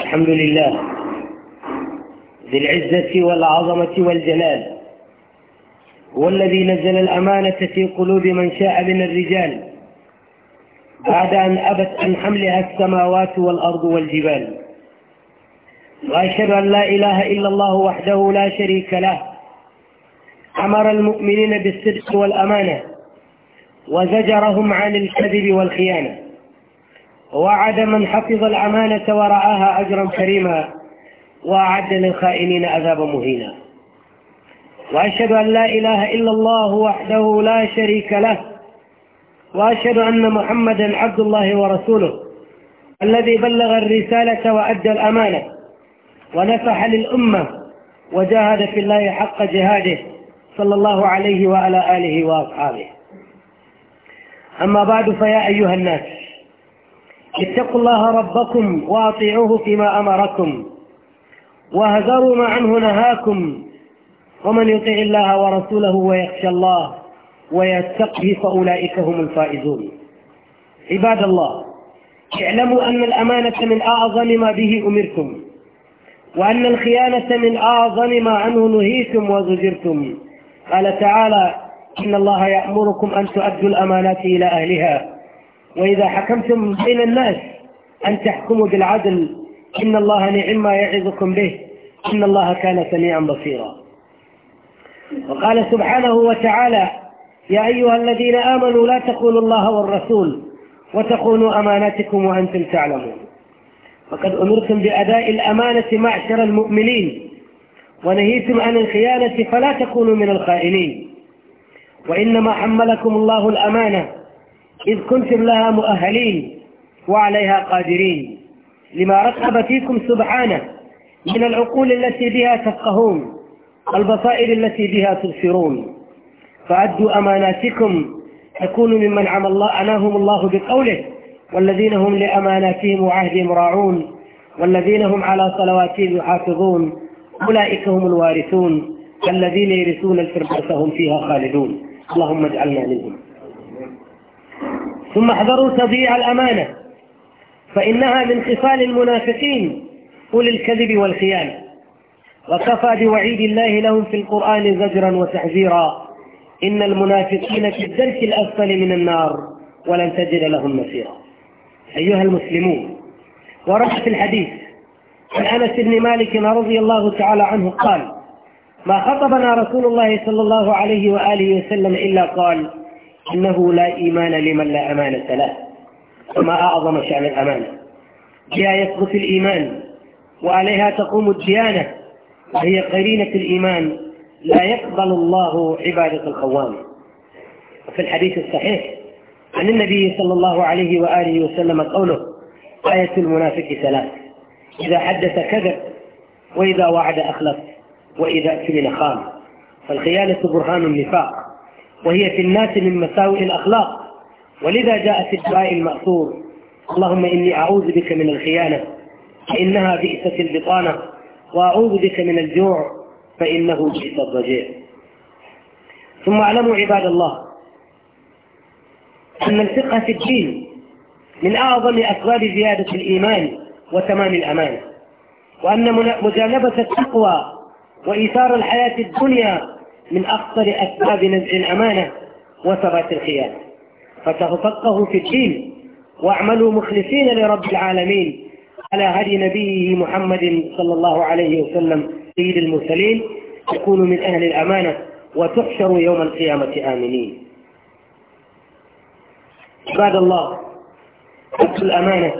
الحمد لله ذي العزة والعظمة والجلال هو الذي نزل الأمانة في قلوب من شاء من الرجال بعد أن أبت أن حملها السماوات والأرض والجبال وأشهد أن لا إله إلا الله وحده لا شريك له أمر المؤمنين بالصدق والأمانة وزجرهم عن الكذب والخيانة ووعد من حفظ الأمانة ورعاها أجرا كريما وأعد للخائنين عذابا مهينا وأشهد أن لا إله إلا الله وحده لا شريك له وأشهد أن محمدا عبد الله ورسوله الذي بلغ الرسالة وأدى الأمانة ونفح للأمة وجاهد في الله حق جهاده صلى الله عليه وعلى آله وأصحابه أما بعد فيا أيها الناس اتقوا الله ربكم واطيعوه فيما أمركم واهذروا ما عنه نهاكم ومن يطع الله ورسوله ويخشى الله ويتقه فأولئك هم الفائزون عباد الله اعلموا أن الأمانة من أعظم ما به أمرتم وأن الخيانة من أعظم ما عنه نهيتم وزجرتم قال تعالى إن الله يأمركم أن تؤدوا الأمانات إلى أهلها وإذا حكمتم بين الناس أن تحكموا بالعدل إن الله نعم ما يعظكم به إن الله كان سميعا بصيرا وقال سبحانه وتعالى يا أيها الذين آمنوا لا تخونوا الله والرسول وتخونوا أماناتكم وأنتم تعلمون وقد أمرتم بأداء الأمانة معشر المؤمنين ونهيتم عن الخيانة فلا تكونوا من الخائنين وإنما حملكم الله الأمانة إذ كنتم لها مؤهلين وعليها قادرين لما رقب فيكم سبحانه من العقول التي بها تفقهون والبصائر التي بها تبصرون فأدوا أماناتكم تكونوا ممن عم الله أناهم الله بقوله والذين هم لأماناتهم وعهدهم راعون والذين هم على صلواتهم يحافظون أولئك هم الوارثون الذين يرثون الفردوس هم فيها خالدون اللهم اجعلنا منهم ثم احذروا تضييع الأمانة فإنها من خصال المنافقين أولي الكذب والخيانة وكفى بوعيد الله لهم في القرآن زجرا وتحذيرا إن المنافقين في الدرك الأسفل من النار ولن تجد لهم مسيرا أيها المسلمون ورد في الحديث عن أنس بن مالك رضي الله تعالى عنه قال ما خطبنا رسول الله صلى الله عليه وآله وسلم إلا قال إنه لا إيمان لمن لا أمانة له وما أعظم شأن الأمانة بها يثبت الإيمان وعليها تقوم الديانة وهي قرينة الإيمان لا يقبل الله عبادة الخوان وفي الحديث الصحيح عن النبي صلى الله عليه وآله وسلم قوله آية المنافق ثلاث إذا حدث كذب وإذا وعد أخلف وإذا أكل خان فالخيانة برهان النفاق وهي في الناس من مساوئ الأخلاق ولذا جاء في الدعاء المأثور اللهم إني أعوذ بك من الخيانة فإنها بئست البطانة وأعوذ بك من الجوع فإنه بئس الضجيع ثم اعلموا عباد الله أن الفقه في الدين من أعظم أسباب زيادة الإيمان وتمام الأمان وأن مجانبة التقوى وإيثار الحياة الدنيا من أخطر أسباب نزع الأمانة وثبات الخيانة فتفقهوا في الدين واعملوا مخلصين لرب العالمين على هدي نبيه محمد صلى الله عليه وسلم سيد المرسلين تكونوا من أهل الأمانة وتحشروا يوم القيامة آمنين عباد الله أدوا الأمانة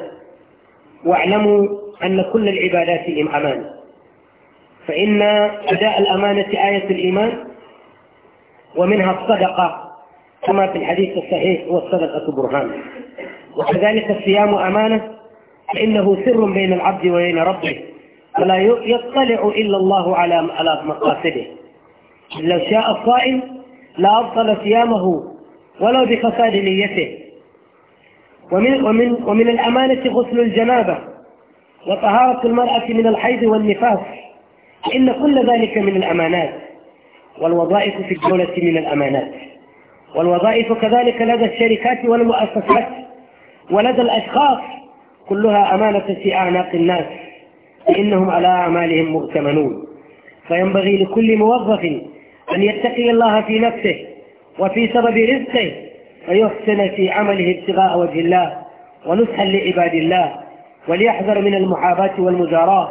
واعلموا أن كل العبادات أمانة فإن أداء الأمانة آية الإيمان ومنها الصدقة كما في الحديث الصحيح والصدقة برهان وكذلك الصيام أمانة فإنه سر بين العبد وبين ربه ولا يطلع إلا الله على على مقاصده لو شاء الصائم لا أبطل صيامه ولو بفساد نيته ومن, ومن, ومن الأمانة غسل الجنابة وطهارة المرأة من الحيض والنفاس إن كل ذلك من الأمانات والوظائف في الدولة من الأمانات والوظائف كذلك لدى الشركات والمؤسسات ولدى الأشخاص كلها أمانة في أعناق الناس فإنهم على أعمالهم مؤتمنون فينبغي لكل موظف أن يتقي الله في نفسه وفي سبب رزقه فيحسن في عمله ابتغاء وجه الله ونصحا لعباد الله وليحذر من المحاباة والمزاراة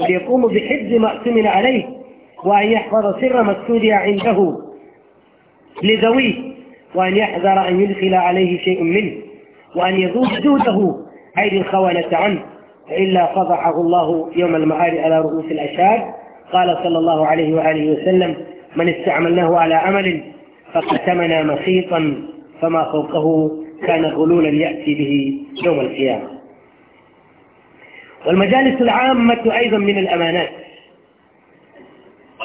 وليقوم بحفظ ما أؤتمن عليه وأن يحفظ سر ما استودع عنده لذويه وأن يحذر أن يدخل عليه شيء منه وأن يذوب جوده أي الخونة عنه إلا فضحه الله يوم المعاد على رؤوس الأشهاد قال صلى الله عليه وآله وسلم من استعملناه على عمل فقتمنا مخيطا فما فوقه كان غلولا يأتي به يوم القيامة والمجالس العامة أيضا من الأمانات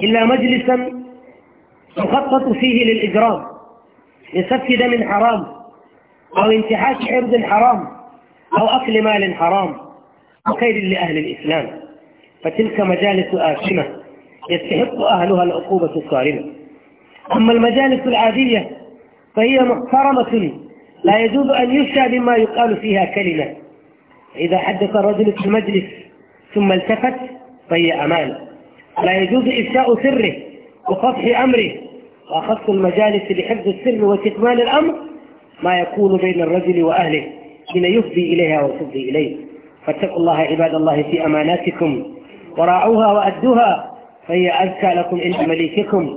إلا مجلسا يخطط فيه للإجرام لسفك دم حرام أو انتحاش عرض حرام أو أكل مال حرام أو خير لأهل الإسلام فتلك مجالس آثمة يستحق أهلها العقوبة الصارمة أما المجالس العادية فهي محترمة لا يجوز أن يشى بما يقال فيها كلمة إذا حدث الرجل في المجلس ثم التفت فهي أمانة لا يجوز إفشاء سره وفضح أمره وأخذت المجالس لحفظ السر وكتمان الأمر ما يكون بين الرجل وأهله حين يفضي إليها وتفضي إليه فاتقوا الله عباد الله في أماناتكم وراعوها وأدوها فهي أذكى لكم عند مليككم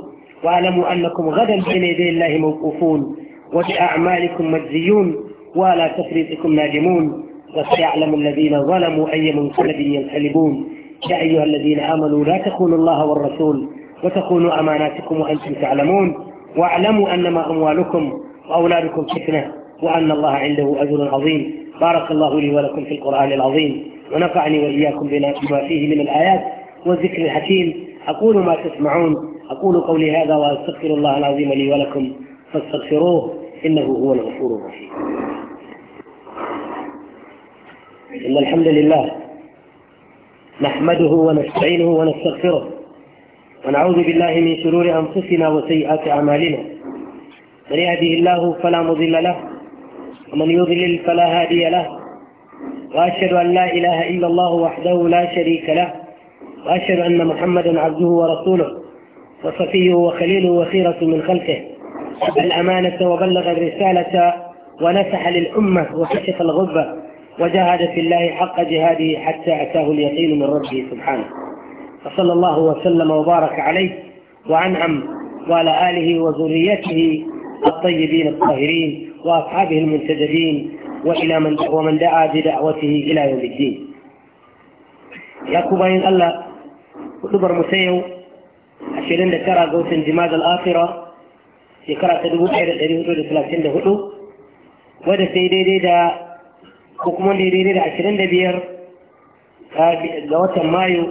واعلموا أنكم غدا بين يدي الله موقوفون وبأعمالكم مجزيون ولا تفريطكم نادمون وسيعلم الذين ظلموا أي منقلب ينقلبون يا أيها الذين آمنوا لا تخونوا الله والرسول وتخونوا أماناتكم وأنتم تعلمون واعلموا أنما أموالكم وأولادكم فتنة وأن الله عنده أجر عظيم بارك الله لي ولكم في القرآن العظيم ونفعني وإياكم بما فيه من الآيات والذكر الحكيم أقول ما تسمعون أقول قولي هذا وأستغفر الله العظيم لي ولكم فاستغفروه إنه هو الغفور الرحيم إن الحمد لله نحمده ونستعينه ونستغفره ونعوذ بالله من شرور أنفسنا وسيئات أعمالنا من يهده الله فلا مضل له ومن يضلل فلا هادي له وأشهد أن لا إله إلا الله وحده لا شريك له وأشهد أن محمدا عبده ورسوله وصفيه وخليله وخيرة من خلقه الأمانة وبلغ الرسالة ونسح للأمة وكشف الغبة وجاهد في الله حق جهاده حتى أتاه اليقين من ربه سبحانه فصلى الله وسلم وبارك عليه وأنعم وعلى آله وذريته الطيبين الطاهرين وأصحابه المنتدبين وإلى من ومن دعا بدعوته إلى يوم الدين يا كوباين الله كتبر مسيو أشيرين دكرة قوس انجماد الآخرة شكرا تدبو حيرة تدبو تدبو تدبو تدبو تدبو ko kuma daidai da ashirin da biyar ga watan mayu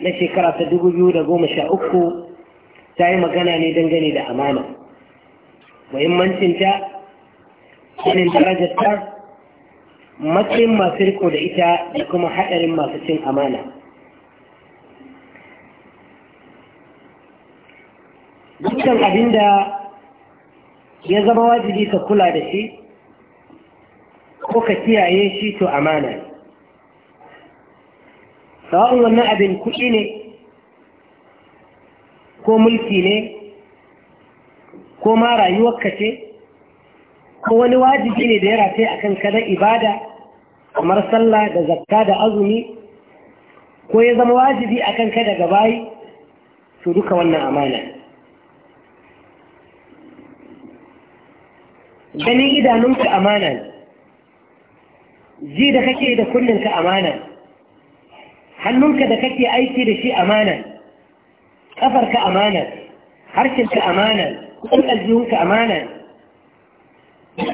na shekara ta dubu biyu da goma sha uku ta yi magana ne dangane da amana muhimmancinta shirin darajarta matsayin masu riko da ita da kuma haɗarin masu cin amana dukkan abin da ya zama wajibi ka kula da shi Ko ka kiyaye shi to amana ne wannan abin kuɗi ne ko mulki ne ko ma rayuwar ka ce ko wani wajibi ne da ya rafe a ka kada ibada kamar sallah da zakka da azumi ko ya zama wajibi akan kan kada gabayi to duka wannan amana ganin idanunka amana ne زي ده كتير ده كل انك امانا هل ممكن ده كتير اي شيء ده شيء امانا كفر كامانا حرش انك امانا كل الزيون كامانا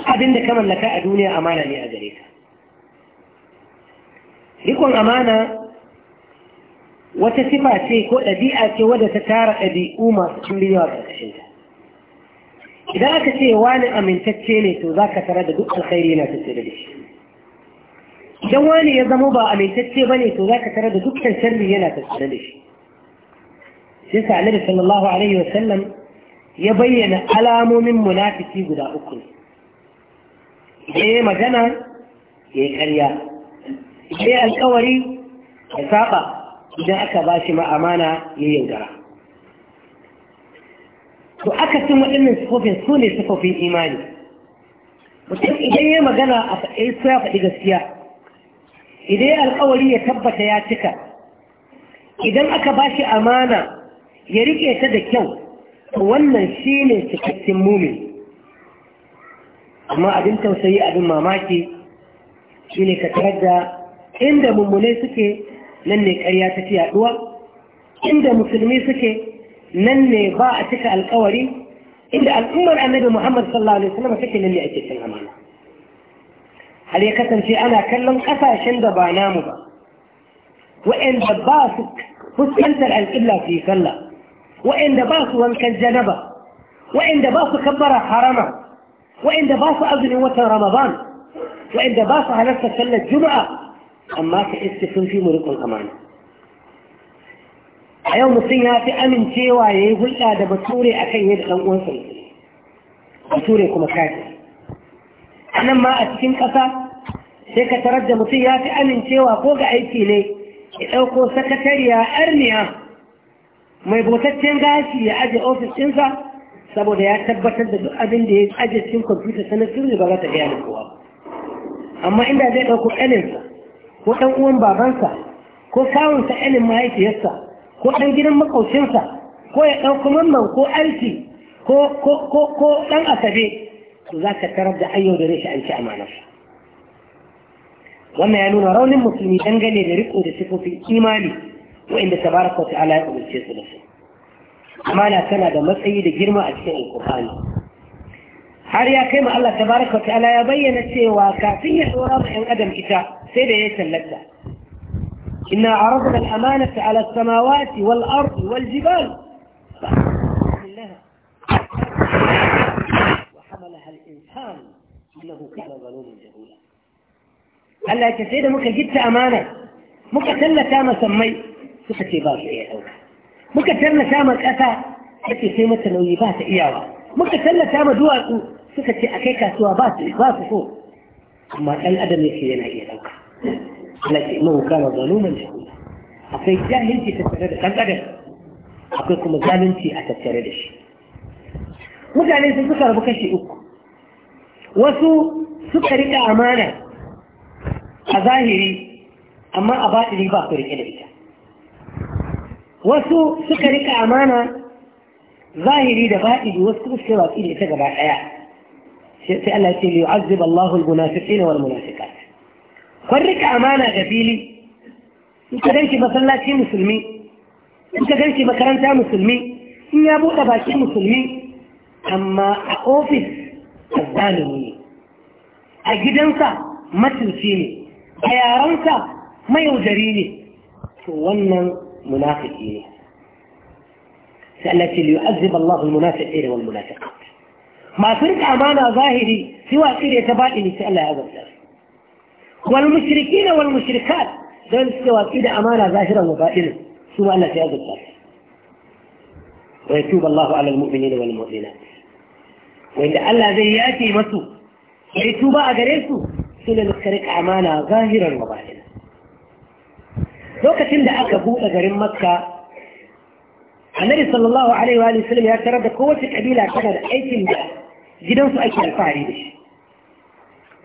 ابن ده كمان لك الدنيا امانا لي اجريك يكون امانا wata sifa ce ko ɗabi'a ce wadda ta tara ɗabi'uma miliyar ƙarshenta idan aka ce wani amintacce ne to za idan wani ya zama ba a amintacce bane to za ka tare da dukkan sharri yana tattare da shi shi sa annabi sallallahu alaihi wa sallam ya bayyana alamomin munafiki guda uku idan ya magana ya yi karya, idan ya alƙawari ya saba idan aka ba shi ma'amana ya yaudara to aka cin waɗannan sufofin su ne sufofin imani mutum idan ya magana a faɗi gaskiya idan alkawari ya tabbata ya cika idan aka ba shi amana ya riƙe ta da kyau wannan shi ne cikakken mumin amma abin tausayi abin mamaki shi ne ka tarar da inda mummunai suke nan ne karya ta fi yaduwa inda musulmi suke nan ne ba a cika alkawari inda al'ummar annabi muhammad sallallahu alaihi wasallam take nan ne ake cin amana هل يكتن في أنا كلم أفا شند بانامو با وإن دباسك فسكنت العلقلة في كلا وإن دباسك ومكن جنبا وإن دباسك كبر حرما وإن دباسك أبن وطن رمضان وإن دباسك على نفسك كلا الجمعة أما كإستفن في ملك الأمان أيوم الصيحة في أمن تيوى يقول هذا بطوري أكيد أن أنصر بطوري كما كاتب nan ma a cikin ƙasa sai ka tarar da mutum ya fi amincewa ko ga aiki ne ya ɗauko sakatariya arniya mai botaccen gashi ya aje ofis ɗinsa saboda ya tabbatar da duk abin da ya aje cikin kwamfuta sanar sirri ba za ta gaya kowa amma inda zai ɗauko ƴaninsa, ko ɗan uwan babansa ko kawunsa ƴanin mahaifiyarsa ko ɗan gidan makaucinsa ko ya ɗauko mamman ko alki ko ɗan asabe ذاك تربى أي دريش أنت أمانة وما يلون رون المسلمين تنقل يدرقوا دسكوا في إيماني وإن تبارك وتعالى يقوم الشيخ بلسه أما لا سنة دم سيد جرمى أجسين القرآن هل يقيم الله تبارك وتعالى يبين الشيء وكافية ورابع أن أدم إتاء سيد يسا لك إنا عرضنا الأمانة على السماوات والأرض والجبال فأنا ا ل إ كان ظلوما جهولا هلا يا سيدي مك جبت أ م ا ن ة مك باقي يا حول مك تل كما كفى سكتي سيمت نويبات إ ي ا ه ا مك تل كما دوى سكتي أ فوق اما ا ل أ د يا ح و انه كان ظلوما جهولا اقي الجاهل انت تتردد كم ادم اقيكم الجاهل انت اتتردش مجالين سكر بكشي اوك wasu suka rika amana a zahiri amma a batini ba su rike da ita wasu suka rika amana zahiri da batini wasu kuma suka watsi da ita gaba ɗaya sai Allah ce liyu azib Allahu al-munafiqin wal munafiqat kun rika amana ga fili in ka danki masallaci musulmi in ka danki makaranta musulmi in ya buɗe bakin musulmi amma a ofis azzalimi أجدنك ما تنسيني matunci ما يوجريني yaransa منافقيني ne سألت ليعذب الله المنافقين والمنافقات ما كنت أمانة ظاهري سوى قيل يتبائني سأل هذا الدرس والمشركين والمشركات دول سوى قيل أمانة ظاهرة وبائنة سوى أن هذا الدرس ويتوب الله على المؤمنين والمؤمنات وإن الله ذياتي مسو يتوبا أقريسو سنة نتكرك عمالا ظاهرا وظاهرا لو كتن دعك بوطة غرم مكة النبي صلى الله عليه وآله وسلم يا ترى قوة قبيلة كانت أي كلمة جدن في أي كلمة فاريدة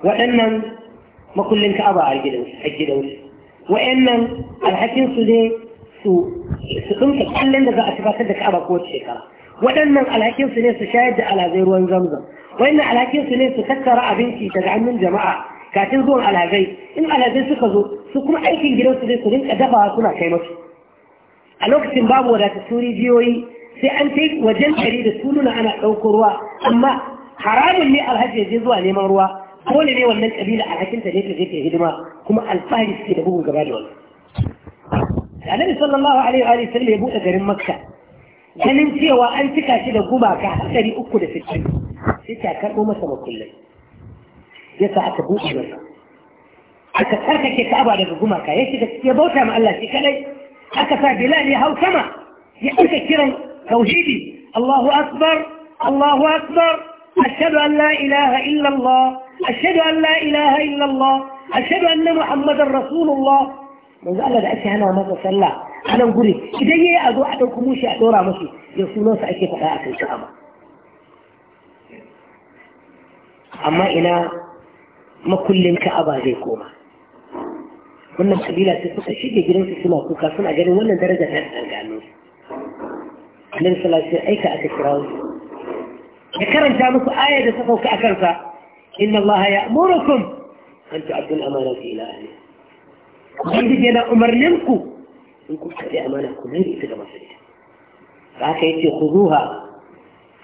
وإنن ما كل لنك أبا أجدوش وإنن الحكيم سليم سو سقمت كل لنك أتباك لك أبا قوة شكرا waɗannan alhakinsu ne su shayar da alhazai ruwan zamzam wannan alhakinsu ne su tattara abinci daga hannun jama'a kafin zuwan alhazai in alhazai suka zo su kuma aikin gidansu ne su rinka dafawa suna kai masu a lokacin babu wadatattun rijiyoyi sai an kai wajen ɗari da sununa ana ɗauko ruwa amma haramun ne alhaji je zuwa neman ruwa dole ne wannan ƙabila alhakinta ne ta je ta hidima kuma alfahari suke da bugun gaba da wannan. Annabi sallallahu alaihi wa sallam ya buɗe garin Makka ganin cewa an cika shi da gumaka a ɗari uku da sittin sai ta karɓo masa makullai ya sa aka buɗe masa aka tsarkake ka'aba daga gumaka ya shiga ya bauta ma Allah shi kadai aka sa Bilal ya hau sama ya aka kiran tauhidi Allahu akbar Allahu akbar ashhadu an la ilaha illa Allah ashhadu an la ilaha illa Allah ashhadu anna Muhammadar Rasulullah manzo Allah da ake hana masa sallah a nan guri idan ya yi a zo a ɗauki mushi a ɗora musu da sunansa ake faɗa a kan ka'aba amma ina makullin ka'aba zai koma wannan kabila sai suka shige gidansu suna kuka suna ganin wannan daraja ta da gano annabi sallallahu alaihi wasallam aika aka kira ya karanta musu aya da suka a akan sa inna allaha ya'murukum an tu'addu al-amanati ila ahli ubangiji yana umarninku انكم تدي أمانة كلين في دماغ سيدي فعاك يتخذوها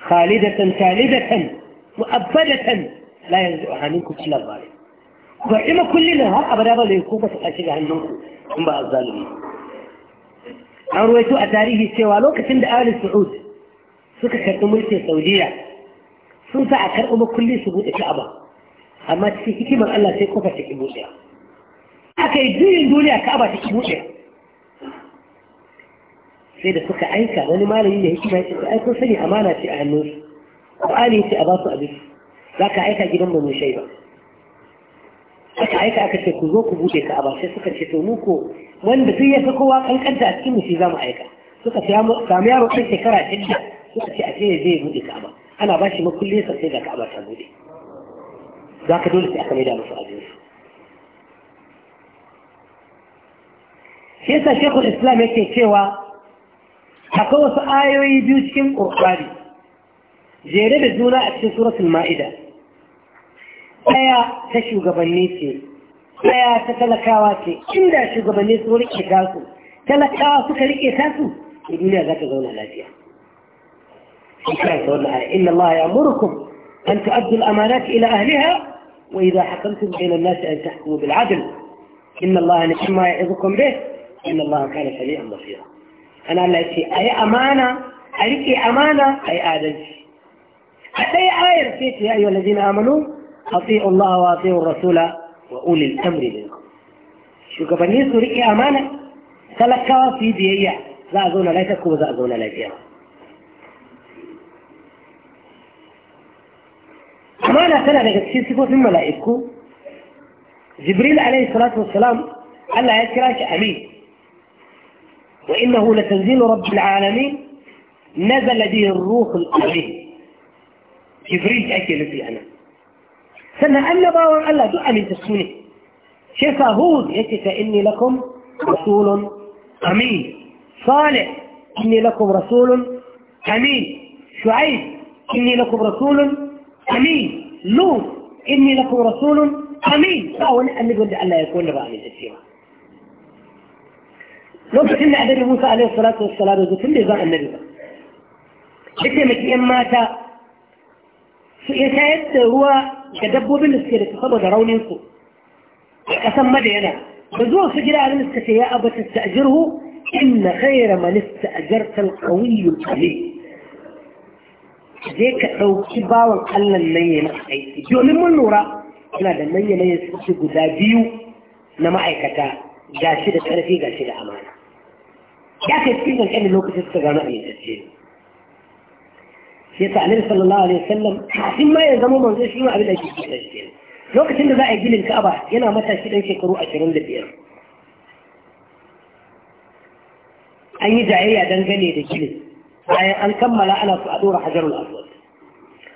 خالدة ثالدة مؤبدة لا ينزعها منكم كل الظالم وإما كلنا ها أبدا أبدا ليكوبة تقاشيها منكم هم بقى الظالمين أرويتو أتاريه السيوالو كتند آل السعود سوك كرتموية السعودية سوك أكرأم كل سبوت الشعبة أما تسيكي من الله سيكوبة تكبوشها أكيدين دولي أكابة تكبوشها sai da suka aika wani malami ne hikima ya ce ai kun sani amana ce a hannun su Qur'ani ya ce a basu abin za ka aika gidan mu mun shaiba aka aika aka ce ku zo ku bude ka aba sai suka ce to mu ko wanda duk ya fi kowa kankanta a cikin mu shi zamu aika suka ce samu yaro ɗan shekara shidda suka ce a ce ya je ya bude ka aba ana ba shi makullin sa sai ga ka aba ta bude za ka dole sai aka maida musu abin su shi yasa shekul islam yake cewa akwai wasu ayoyi biyu cikin ƙurƙari jere da juna a cikin suratul ma'ida ɗaya ta shugabanni ce ɗaya ta talakawa ce inda shugabanni su rike tasu talakawa suka rike tasu to duniya za ta zauna lafiya إن الله يأمركم أن تؤدوا الأمانات إلى أهلها وإذا حكمتم بين الناس أن تحكموا بالعدل إن الله نعم ما يعظكم به إن الله كان سميعا بصيرا أنا لا شيء أي أمانة عليك أمانة أي آدمي أي آية فيك يا أيها الذين آمنوا أطيعوا الله وأطيعوا الرسول وأولي الأمر منكم شو كبني سوريك أمانة سلكا في بيئة لا أظن لا تكو أظن لا جيا أمانة سنة لك تشير سفوة من جبريل عليه الصلاة والسلام قال الله يكراك أمين وإنه لتنزيل رب العالمين نزل به الروح الأمين جبريل أكي في أنا سنة أن باور ألا دعا تسوني شفا هود يكي إني لكم رسول أمين صالح إني لكم رسول أمين شعيب إني لكم رسول أمين لوط إني لكم رسول أمين فأولا أن يقول يكون لبعض الأسيرة لو إلا عدد موسى عليه الصلاة والسلام وزو كل إذا النبي حتى مك إما تا يسايد إيه هو كدبو بالنسكي لك فضو درون ينسو أسم مدينة بزو سجر على يا أبا تستأجره إن خير من استأجرت القوي القليل جيك أو كبا وقال لنيا نحيث جو من النورة إلا لنيا نيسكي قدابيو نمعي كتا جاشدة ترفيقة شدة أمانة كافر فينا الحين لو كنت استغنائي تسجيل في النبي صلى الله عليه وسلم حسين ما يزمو من ذلك ما أبدا يجب تسجيل لو كنت انه باقي جيل الكأبة ينا ما تسجيل انشي قروء عشرون لبير أي دعية دنقلي اي أنكمل على أدور حجر الأسود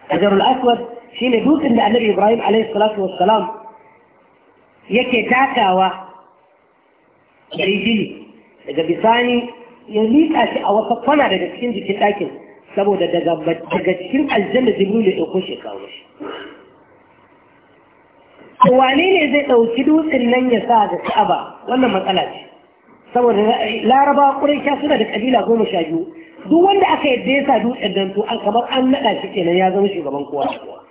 حجر الأسود في نبوت أن النبي إبراهيم عليه الصلاة والسلام يكي تاكا و إذا بيساني ya liƙa shi a wata kwana daga cikin jikin ɗakin saboda daga cikin aljanna jibrilu ya ɗauko shi kawo shi wane ne zai ɗauki dutsen nan ya sa ga ka'aba wannan matsala ce saboda laraba kya suna da ƙabila goma sha biyu duk wanda aka yadda ya sa dutsen nan to kamar an naɗa shi kenan ya zama shugaban kowa da kowa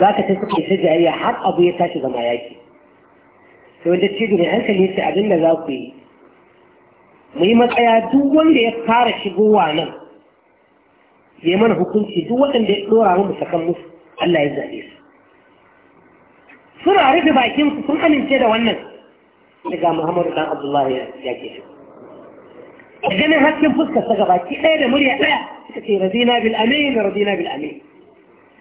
za ka ta suke ta jayayya har abu ya tashi zama yaki sai wanda cikin hankali sai abin da za ku yi mu yi matsaya duk wanda ya fara shigowa nan ya mana hukunci duk waɗanda ya ɗora mu sakan musu Allah ya zaɓe su suna rufe bakin su sun amince da wannan daga Muhammadu dan abdullah ya ke shi da ganin hakkin fuskar sa gabaki ɗaya da murya ɗaya suka ce radina bil amin radina bil amin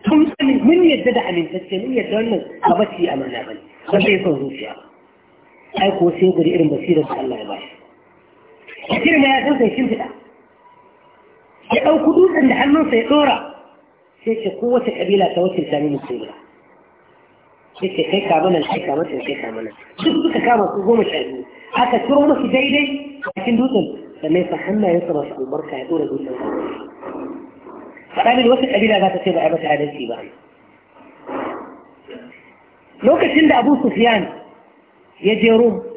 sun sani mun yadda da amintacce mun yadda wannan a bacci amana bane ba sai son zuciya ai ko sai guri irin basirar da Allah ya bashi ya cire ya san sai shimfiɗa ya ɗauku dutsen da hannunsa ya ɗora sai ce kowace ƙabila ta wacce sami musu guda sai ce kai kama nan kai kama nan kai kama nan duk suka kama su goma sha biyu aka turo masu daidai cikin dutsen sannan sa hannayensa masu albarka ya ɗora dutsen faɗa mini wata ƙabila za ta ce ba a mata adalci ba lokacin da abu sufiyan ya je rum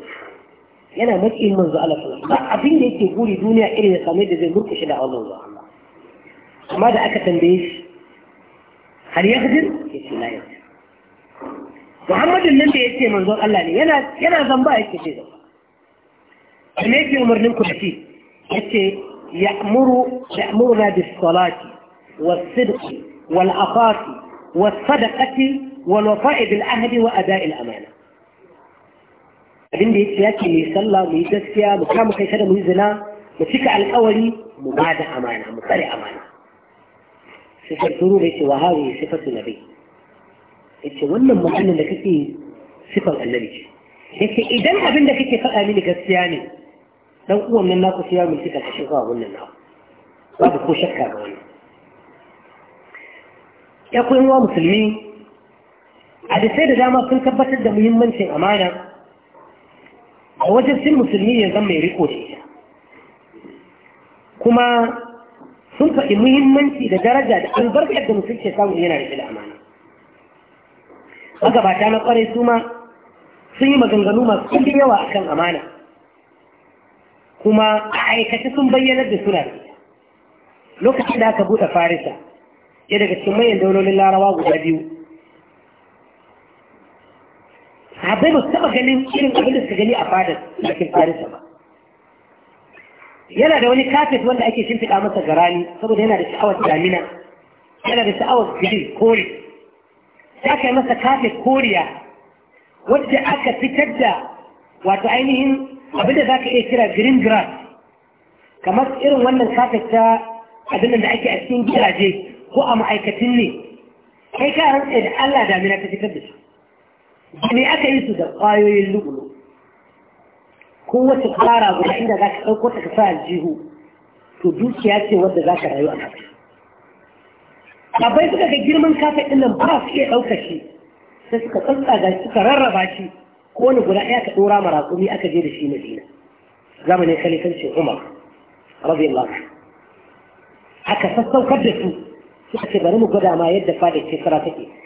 yana maƙin manzo Allah sallallahu alaihi abin da yake buri duniya irin ya same da zai murkushe da Allah zuwa amma da aka tambaye shi har ya hajjin ya ce la yau Muhammadin nan da ya ce manzon Allah ne yana yana zamba yake ce zamba me yake umarnin ku da shi yace ya'muru ya'muruna bis salati was sidqi wal afati was sadaqati wal wafa'i bil ahdi wa ada'i al amana abin da ya ce yake mai sallah mu yi gaskiya mu kama kai kada mu yi zina mu cika alkawari mu ba da amana mu tsare amana sifar turu da yake wahawi sifar tunabi yace wannan maganin da kake sifar annabi ce yace idan abin da kake faɗa mini gaskiya ne dan uwan nan naku sai ya mulki karkashin kawo wannan naku babu ko shakka ga wannan ya koyi wa musulmi a da sai da dama sun tabbatar da muhimmancin amana a wajen musulmi ya zan mai riko da ita kuma sun faɗi muhimmanci da daraja da albarkar da mutum ke samu yana da da amana magabata na kwarai su ma sun yi maganganu masu kundi yawa akan amana kuma a aikace sun bayyanar da suna da lokacin da aka buɗe farisa ya daga cikin manyan daunolin larawa guda biyu sahabbai ba su taɓa ganin irin abin da suka gani a fadar lakin farisa ba yana da wani kafet wanda ake shimfiɗa masa garani saboda yana da sha'awar damina yana da sha'awar green kore sai aka yi masa kafet koriya wadda aka fitar da wato ainihin abin da za ka iya kira green grass kamar irin wannan kafet ta abin da ake a cikin gidaje ko a ma'aikatan ne kai ka rantsa da Allah damina ta fitar da shi jini aka yi su da ƙwayoyin lu'ulu ko wata ƙara guda inda za ka ɗauko ta ka to dukiya ce wadda za ka rayu a kafin abai suka ga girman kafa ɗin nan ba su iya ɗauka shi sai suka da suka rarraba shi ko wani guda ɗaya ka ɗora mara raƙumi aka je da shi madina zamanin kalifancin umar rabin lafi aka sassaukar da su suka ce bari mu gwada ma yadda fadar ce sara take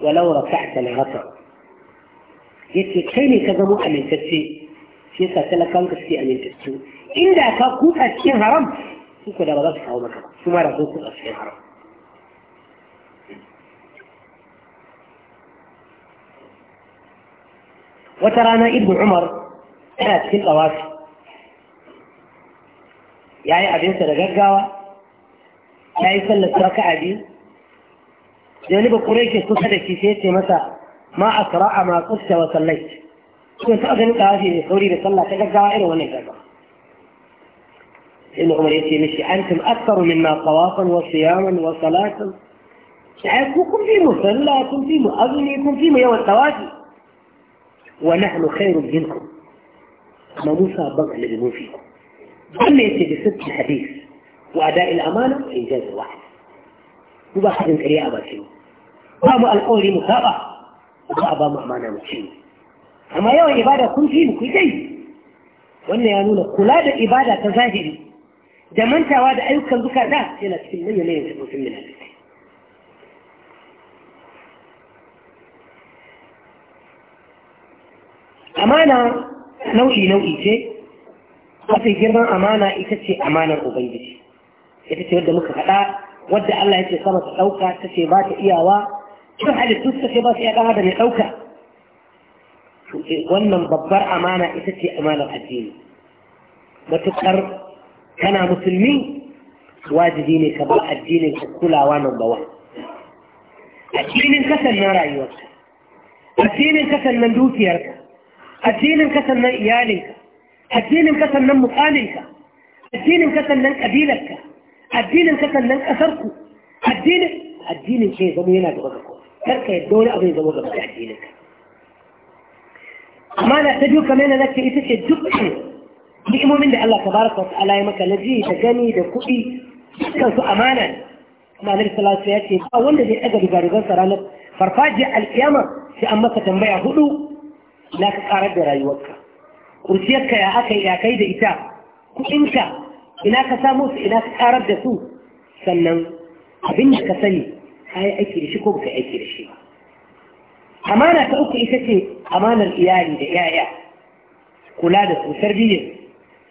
ولو ركعت لغفر يتي خيلي كذا أمين كتي في قتل كم أمين كتي إن ذا كوكوت هرم حرام سوكو دا بدا سحاو مكبا سوما رضوك أشياء حرام وترانا ابن عمر كانت في القواسي يعني أبين سرقاقاوة يعني سلت ركعة دي جانب يعني قريش كسر كيسيت مساء ما أسرع ما قلت وصليت كنت أذن هذه سوري بصلى تقدع إلى ونقدع إن عمر يسي مشي أنتم أكثر منا طوافا وصياما وصلاة شعبكم يعني في مصلى كن في مؤذن كن في يوم التوافي ونحن خير منكم ما موسى بقى الذي فيكم أما يسي بصدق الحديث وأداء الأمانة إنجاز واحد mu ba haɗin tsari a bakin ba mu alƙawari mu saba ba a ba mu amana mu ci amma yawan ibada kun fi mu ku dai wannan ya nuna kula da ibada ta zahiri da mantawa da ayyukan zukata yana cikin manyan manyan tsofin minalisai amana nau'i nau'i ce mafi girman amana ita ce amanar ubangiji ita ce wadda muka faɗa wadda Allah yake sama ta ɗauka ta ce ba ta iyawa cin halittu ta ce ba ta iya ɗan adam ya ɗauka wannan babbar amana ita ce amanar addini matuƙar kana musulmi wajibi ne ka ba addinin ka kulawa nan ba addinin kasan nan rayuwarka addinin kasan nan dukiyarka addinin kasan nan iyalinka addinin kasan nan mukaminka addinin kasan nan ƙabilarka الدين انك لن اثرك الدين الدين شيء زمينا دغدك ترك الدولة أبي زمغة بتاع دينك ما لا تجو كمان لك إيش الدق نحمو أمم من الله تبارك وتعالى مك الذي تجني دكوي كان أمانا ما نبي صلى الله عليه وسلم أول الذي أجد بارغان سرانا فرفاجع القيامة في أمك تنبيع هدو لكن أرد رأي وكا يا أكي يا كيد إتاب كنت ina ka samu su ina ka karar da su sannan abin da ka sani ka yi aiki da shi ko yi aiki da shi amana ta uku ita ce amanar iyali da yaya kula da su tarbiyyar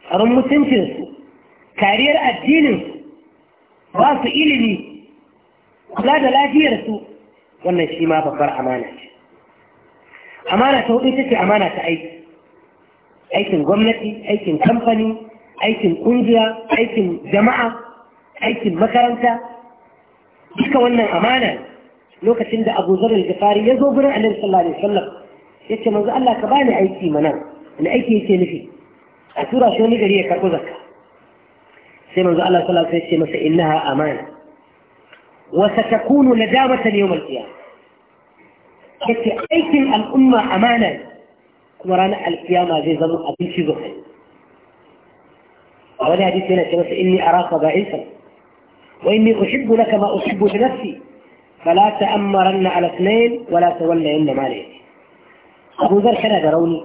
tsaron mutuncinsu kariyar addinin ba su ilimi kula da lafiyarsu wannan shi ma babbar amana ce amana ta hudu ita ce amana ta aiki aikin gwamnati aikin kamfani aikin kungiya aikin jama'a aikin makaranta duka wannan amana lokacin da Abu Zar al-Ghifari ya zo gurin Annabi sallallahu alaihi wasallam yace manzo Allah ka bani aiki mana ina aiki yake nufi a tura shi wani gari ya karɓo zakka sai manzo Allah sallallahu alaihi wasallam ya ce masa innaha amana wa satakunu nadamatan yawm al-qiyamah yace aikin al'umma amana kuma ranar alkiyama zai zama abinci zuwa أو أنا حديث هنا كما إني أراك بائسا وإني أحب لك ما أحب لنفسي فلا تأمرن على اثنين ولا تولين مالك أبو ذر حنا دروني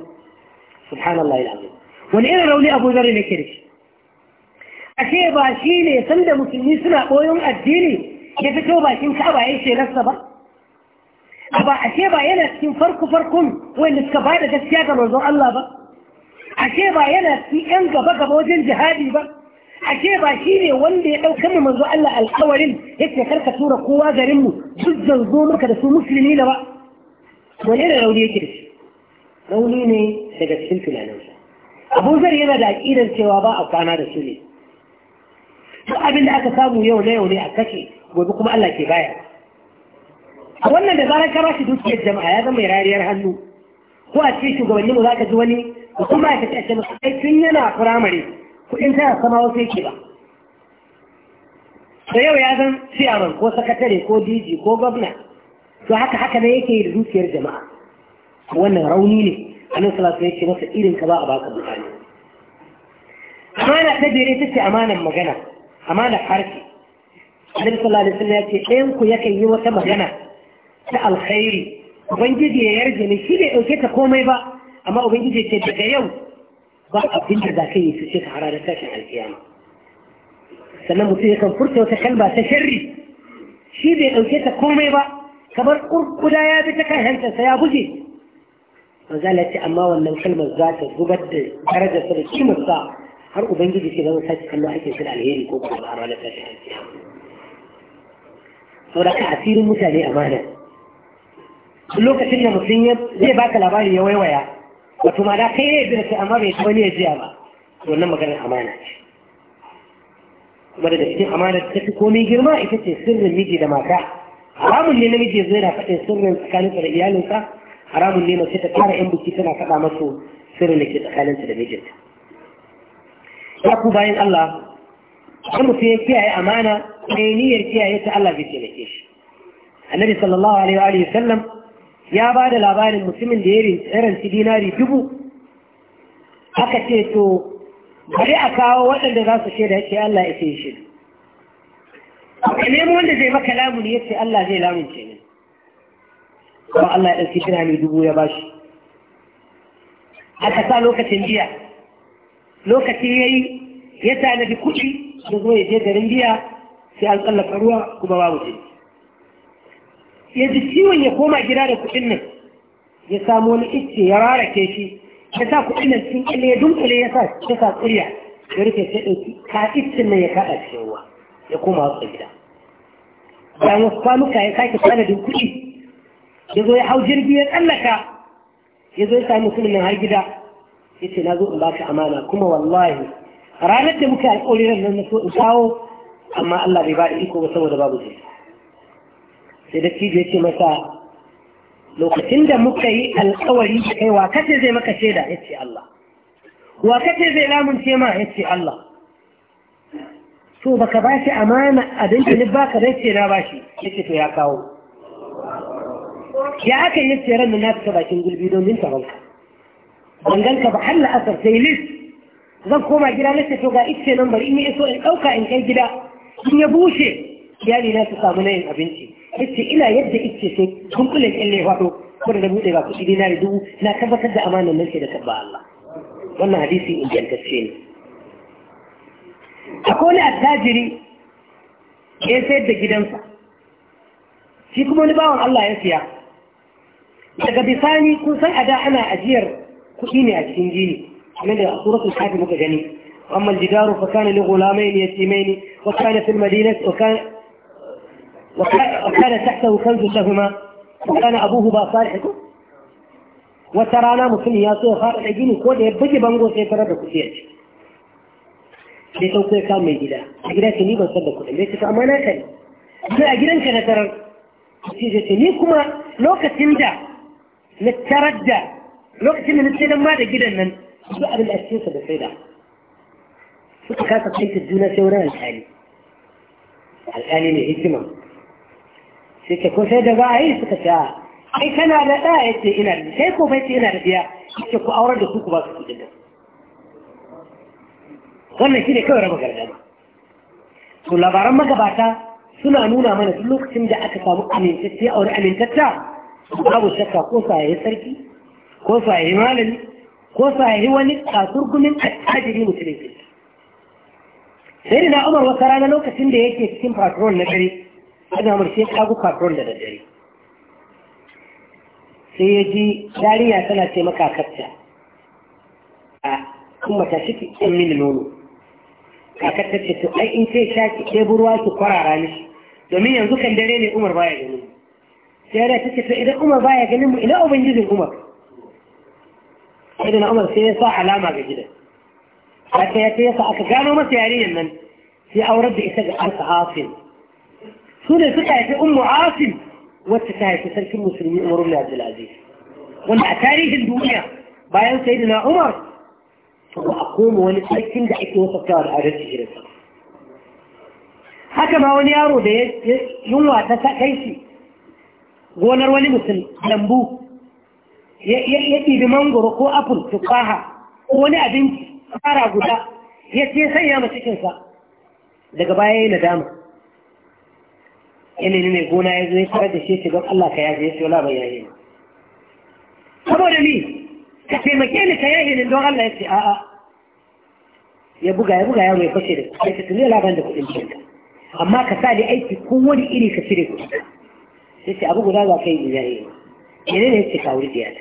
سبحان الله العظيم ولئن روني أبو ذر نكرش أشياء باشين يسند مسلمين سنة ويوم أديني كيف تشوف باشين كأبا أي نفسه بقى أبا أشياء باينة ينا سكين فرق فرق وإن الكبائر جسياتا منظر الله بقى ashe ba yana fi yan gaba gaba wajen jihadi ba ashe ba shi ne wanda ya ɗauka mu manzo Allah alƙawarin yake karka tura kowa garin mu duk zanzo maka da su musulmi na ba wani da rauni yake da shi rauni ne daga cikin tunaninsa abu zar yana da aƙidar cewa ba a kwana da su ne duk abin da aka samu yau na yau ne a kashe gobe kuma Allah ke baya a wannan da zarar ka bashi dukiyar jama'a ya zama rariyar hannu ko a cikin shugabanni mu za ka ji wani وكما يتأكد مستقيم فينا لا قرام لي فإنسان السماوة في كبا فيو يازم في أرن كو سكتري كو ديجي كو قبنا فحكا حكا نيكي يرزوك يا جماعة وانا رونيني أنا صلاة نيكي مصر إيرن كبا أباك البخاري أمانة تدري تسي أمانة مجنة أمانة حركي النبي صلى الله عليه وسلم يقول إن كيك يوتم مجنة سأل خيري وانجدي يرجني شيري أو كيتا كومي بقى أما أبي يجي تبقى يوم ضعف جدا ذاكي يسجد حرارة ساشة على القيامة سنة مسيحة كان فرصة وتخلبها تشري شيبي أو شيئة كومي با كبر قرق قدايا بتكا هلتا سيابجي وزالتي أما وأنه كلمة ذات الزبد درجة سلسكي مصاع هر أبي يجي تبقى يوم ساشة كان واحد يسجد على هيري كوبا حرارة ساشة على القيامة ولك عسير مسالي أمانة لو كتير مسيحة ليه باك العبالي يوي ويا وي. وثم على خير بنت أمر يتولي الزيارة ونما قال الأمانة ورد اشتي أمانة تتكوني جرما إذا سر ميجي دماغا حرام اللي لم يجي زيرا فتي سر كانت رئيالك حرام اللي لم تتكار إن بكي سنة فتا مصر سر اللي تتخالن سلمي جد يقول باين الله أم في فيها أمانة أينية فيها يتعلى في سيلكيش النبي صلى الله عليه وآله وسلم ya ba da labarin mutumin da ya ranci dinari dubu aka ce to bari a kawo waɗanda za su ce da yake Allah ya ce shi A nemo wanda zai maka lamuni ya ce Allah zai lamunce ne kuma Allah ya ɗauki dinari dubu ya ba shi aka sa lokacin biya lokaci ya yi ya tanadi kuɗi da zo ya je garin biya sai an tsallaka ruwa kuma babu jini ya ji ciwon ya koma gida da kuɗin nan ya samu wani ice ya rarake shi ya sa kuɗin nan cikin ƙalle ya dunkule ya sa ya sa tsirya ya rufe ta ɗauki ka ice nan ya kaɗa cewa, ya koma wasu gida Ya wasu kwanuka ya sake sanadin kuɗi ya zo ya hau jirgi ya tsallaka ya zo ya sami mutumin nan har gida ya ce na zo in baka amana kuma wallahi ranar da muka alƙawarin nan na so in kawo amma Allah bai ba da iko ba saboda babu jirgi sai da cijo ce masa lokacin da muka yi alkawari da kai wa kace zai maka shaida ya ce Allah wa kace zai lamunce ma ya ce Allah so baka ba shi amana abin da ba ka zai ce na ba shi ya ce to ya kawo ya aka yi ce ran na ta bakin gulbi domin ta banka ban ganka ba har la'asar sai lis zan koma gida na ce to ga ice nan bari in yi iso in ɗauka in kai gida in ya bushe كيالي ناس قابلين أبنتي حتى إلى يد إكتسك هم كل اللي هو كل نبوت إذا كسيدي ناري دو نا كفا كد أمان الملك لكبا الله وانا حديثي إن جان تسفين أقول التاجري يسيد جدنسا فيكم نباوا الله يسيا تقبصاني كنسان أدا أنا أجير كيني أجتنجيني من صورة الحاكم كجني أما الجدار فكان لغلامين يتيمين وكان في المدينة وكان وكان تحته كنز شهما وكان أبوه با صالحك وترانا مسلم يا صوفا لجين كود يبدي بانغو سيفرا بكثير لتوقع كام من جدا أجرا تني بسبب كود ليس كامانا كان لا أجرا كان ترى سيجا تني كما لو كتندا لتردى لو كتن نتسينا ما دا جدا بعد الأسيسة بسيدا فتكاتا تحيث الدنيا سورا الحالي الحالي نهي sai ce ko sai da ba a yi suka ce ai kana da ɗa ya ce ina da sai ko bai ce ina da biya suke ku aurar da su ku ba su kuɗin da wannan shi ne kawai raba gardama to labaran magabata suna nuna mana duk lokacin da aka samu amintacce a wani amintatta babu shakka ko sa yi sarki ko sa yi malami ko sa yi wani kasurgumin attajiri musulunci sai da umar wata rana lokacin da yake cikin patrol na gari ana mar sai kagu patron da daddare sai ya ji dariya tana ce maka kakta a kuma ta shi kin mini nono kakar ta ce to ai in sai sha ki ke burwa ki kwarara ni. domin yanzu kan dare ne umar baya ganin sai da take ce to idan umar baya gani mu ina ubangijin umar sai da umar sai ya sa alama ga gidan haka ya ta yasa aka gano masa yarinyan nan sai aurar da ita ga al-hafiz سنة تتعي في أم عاصم وتتعي في سلك المسلمين أمر الله عبد العزيز ومع تاريخ الدنيا بيان سيدنا عمر فهو أقوم ونسلك تنجح في وسط كار على الهجرة حكما ونيارو ديت يموى تسا كيسي غونر ولي مسلم لنبو يأتي بمنجر وقو أبل تقاها وني أبنتي أرى قدا يتيسا يا مسيكي سا لقبائي ندامه yanayi mai gona ya zo ya da shi don Allah ka yaje ya ce wala bai yaje saboda ni ka taimake ni ka yaje ni don Allah ya ce a'a ya buga ya buga yaro ya fashe da kuɗi, ka tuni labarin da kuɗin ka. amma ka sa da aiki ko wani iri ka cire kuɗi sai ce abu guda za ka yi in yaje ne ne ya ce ka wuri da yada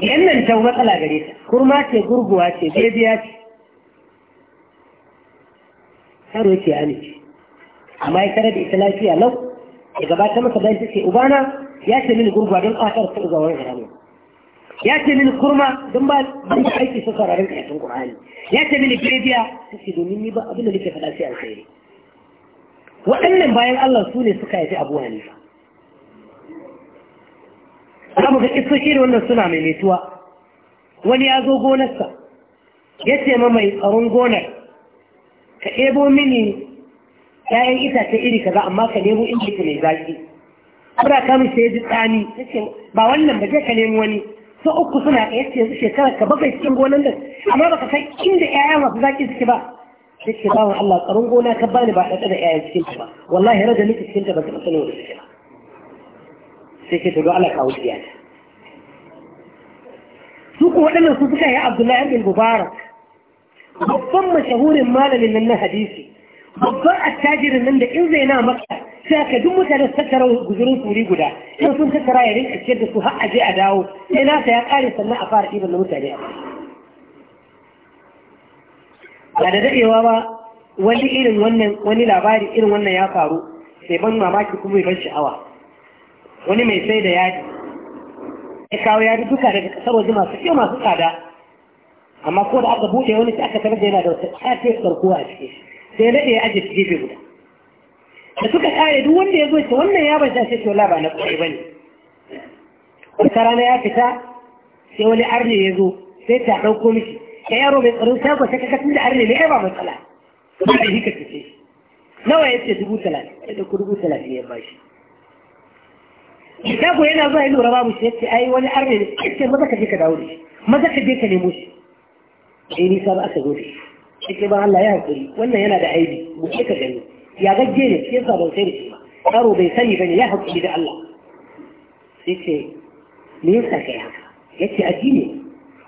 yan nan ta matsala gare ta kurma ce gurguwa ce bebiya ce ya ce ya amince amma ya tare da ita lafiya lau ya gabata masa bayan ce ubana ya ce mini gurguwa don ƙasar su ga wani ƙarami ya ce mini kurma don ba ban da aiki sun sauraron kayatun ƙur'ani ya ce mini birbiya su ce domin ni ba abin da nake faɗa sai alkhairi waɗannan bayan Allah su ne suka yafi abuwa ne za mu ga shi da wannan suna mai metuwa wani ya zo gonarsa ya ce ma mai tsaron gonar ka ɗebo mini ‘ya'yan itace iri ka za amma ka nemo inji ka mai zaki abra ka mu sai ji tsani ba wannan ba je ka nemo wani so uku suna ka yace yanzu shekarar ka bakai cikin gonan da amma baka san inda ‘ya'ya masu zaki suke ba sai ke wa Allah tsaron gona ka bani ba ɗaɗa da ‘ya'ya cikin ba wallahi rada miki cikin ta ba ka sanin wani ba sai ke ta don Allah kawo biya su ko waɗannan su suka yi Abdullahi bin Mubarak babban mashahurin malamin nan na hadisi babban attajirin nan da in zai na maka sai aka duk mutane su tattara guzurin kuri guda in sun tattara ya rinka ciyar da su har aje a dawo sai nasa ya kare sannan a fara ibar na mutane ba da daɗewa ba wani irin wannan wani labari irin wannan ya faru sai ban mamaki kuma ya ban sha'awa wani mai sai da yadi ya kawo yadi duka daga kasar waje masu kyau masu tsada amma ko da aka buɗe wani sai aka tarar da yana da wata ƙafiyar karkuwa a ciki sai daɗe ya ajiye gefe guda da suka ƙare duk wanda ya zo ta wannan ya bai sace tola ba na ƙwai ba ne wata rana ya fita sai wani arne ya zo sai ta ɗauko miki ka yaro mai tsaron shago sai ka tun da arne ne ai ba matsala ba yi hika ta ce nawa ya ce dubu talatin ya ɗauko dubu talatin ya bashi shago yana zuwa ya lura babu shi ya ce ai wani arne ne ya ce maza ka je ka dawo da shi maza ka je ka nemo shi sai nisa ba aka zo da shi shi ba Allah ya hankali wannan yana da aibi mu ce ka gani ya gajje ne shi yasa ban sai da shi ba karo bai sani bane ya hankali da Allah sai ce me yasa kai haka yace addini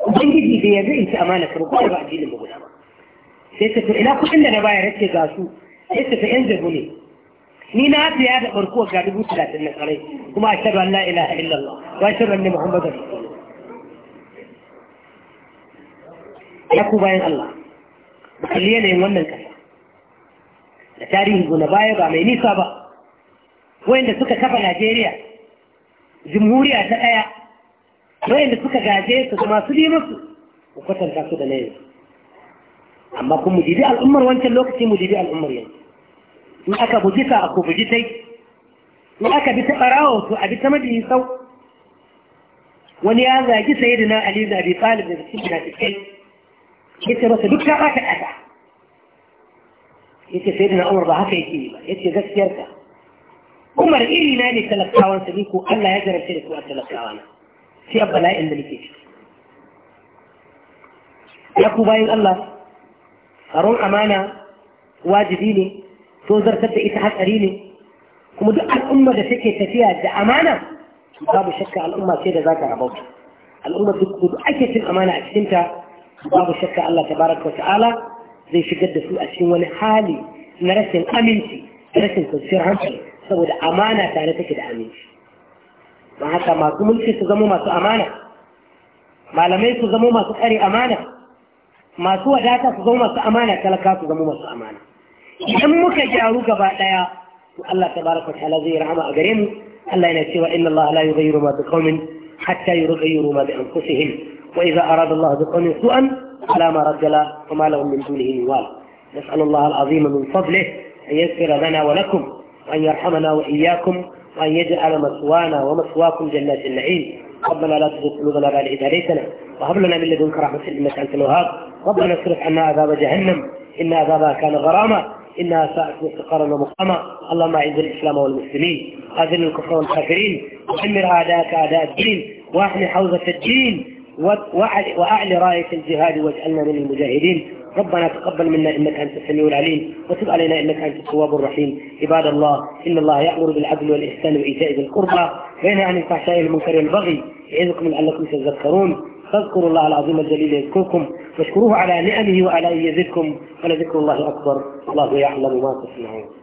ubangiji bai yarda in ci amana ka ba ko ba addinin mu guda ba sai ta to ina kuɗin da na bayar yace ga su sai ta ta yan jabu ne ni na ta ya da barko ga dubu talatin na karai kuma ashhadu an la ilaha illallah wa ashhadu anna muhammadan rasulullah ya ku bayan Allah kalli yanayin wannan ƙasa da tarihi gona baya ba mai nisa ba wayanda suka kafa Najeriya jimhuriya ta ɗaya wayanda suka gaje su kuma su bi musu ku kwatanta su da nayin amma kun mujibi al'ummar wancan lokaci mujibi al'ummar yanzu in aka bujita a buji dai. in aka bi ta ɓarawo to a bi ta madi sau wani ya zagi sayidina Ali da Abi Talib da cikin يتي بس دكتا قاك الأسع يتي سيدنا عمر يا أمر ضعفة يتيبا يتي ذا سيرتا أمر إلي ناني سلك حوان سبيكو ألا يجر سيرك وقت ثلاث حوانا في أبا لا إلا لكيش يقول بايو الله أرون امانه واجبيني توزر اي إتحاد أريني كما دعا الأمة سكي ده امانه. بابي شكي على الأمة سيدة ذاك عبوك الأمة بتقول أي شيء أمانا أكتمتها باب شك الله تبارك وتعالى زي شقد في الأسين والحالي نرسل أمينتي نرسل كنسير عمتي سوى الأمانة تانتك الأمينتي ما حتى ما كملك تزمو ما تأمانة ما لم يتزمو ما تأري أمانة ما سوى ذاتا تزمو ما تأمانة كلكا تزمو ما تأمانة يمك جاروك بعد يا الله تبارك وتعالى زي رحمة أقريم الله ينسي وإن الله لا يغير ما بقوم حتى يغيروا ما بأنفسهم وإذا أراد الله بقوم سوءا فلا رد له وما لهم من دونه من وال نسأل الله العظيم من فضله أن يغفر لنا ولكم وأن يرحمنا وإياكم وأن يجعل مثوانا ومثواكم جنات النعيم ربنا لا تزغ قلوبنا بعد إذ هديتنا وهب لنا من لدنك رحمة إنك أنت الوهاب ربنا اصرف عنا عذاب جهنم إن عذابها كان غراما إنها ساءت مستقرا ومقاما اللهم أعز الإسلام والمسلمين أذل الكفر والكافرين ودمر أعداءك أعداء الدين واحمي حوزة الدين وأعلي راية الجهاد واجعلنا من المجاهدين ربنا تقبل منا إنك أنت السميع العليم وتب علينا إنك أنت التواب الرحيم عباد الله إن الله يأمر بالعدل والإحسان وإيتاء ذي القربى وينهى عن الفحشاء والمنكر والبغي يعظكم لعلكم تذكرون فاذكروا الله العظيم الجليل يذكركم واشكروه على نعمه وعلى أن يزدكم ولذكر الله أكبر الله يعلم ما تصنعون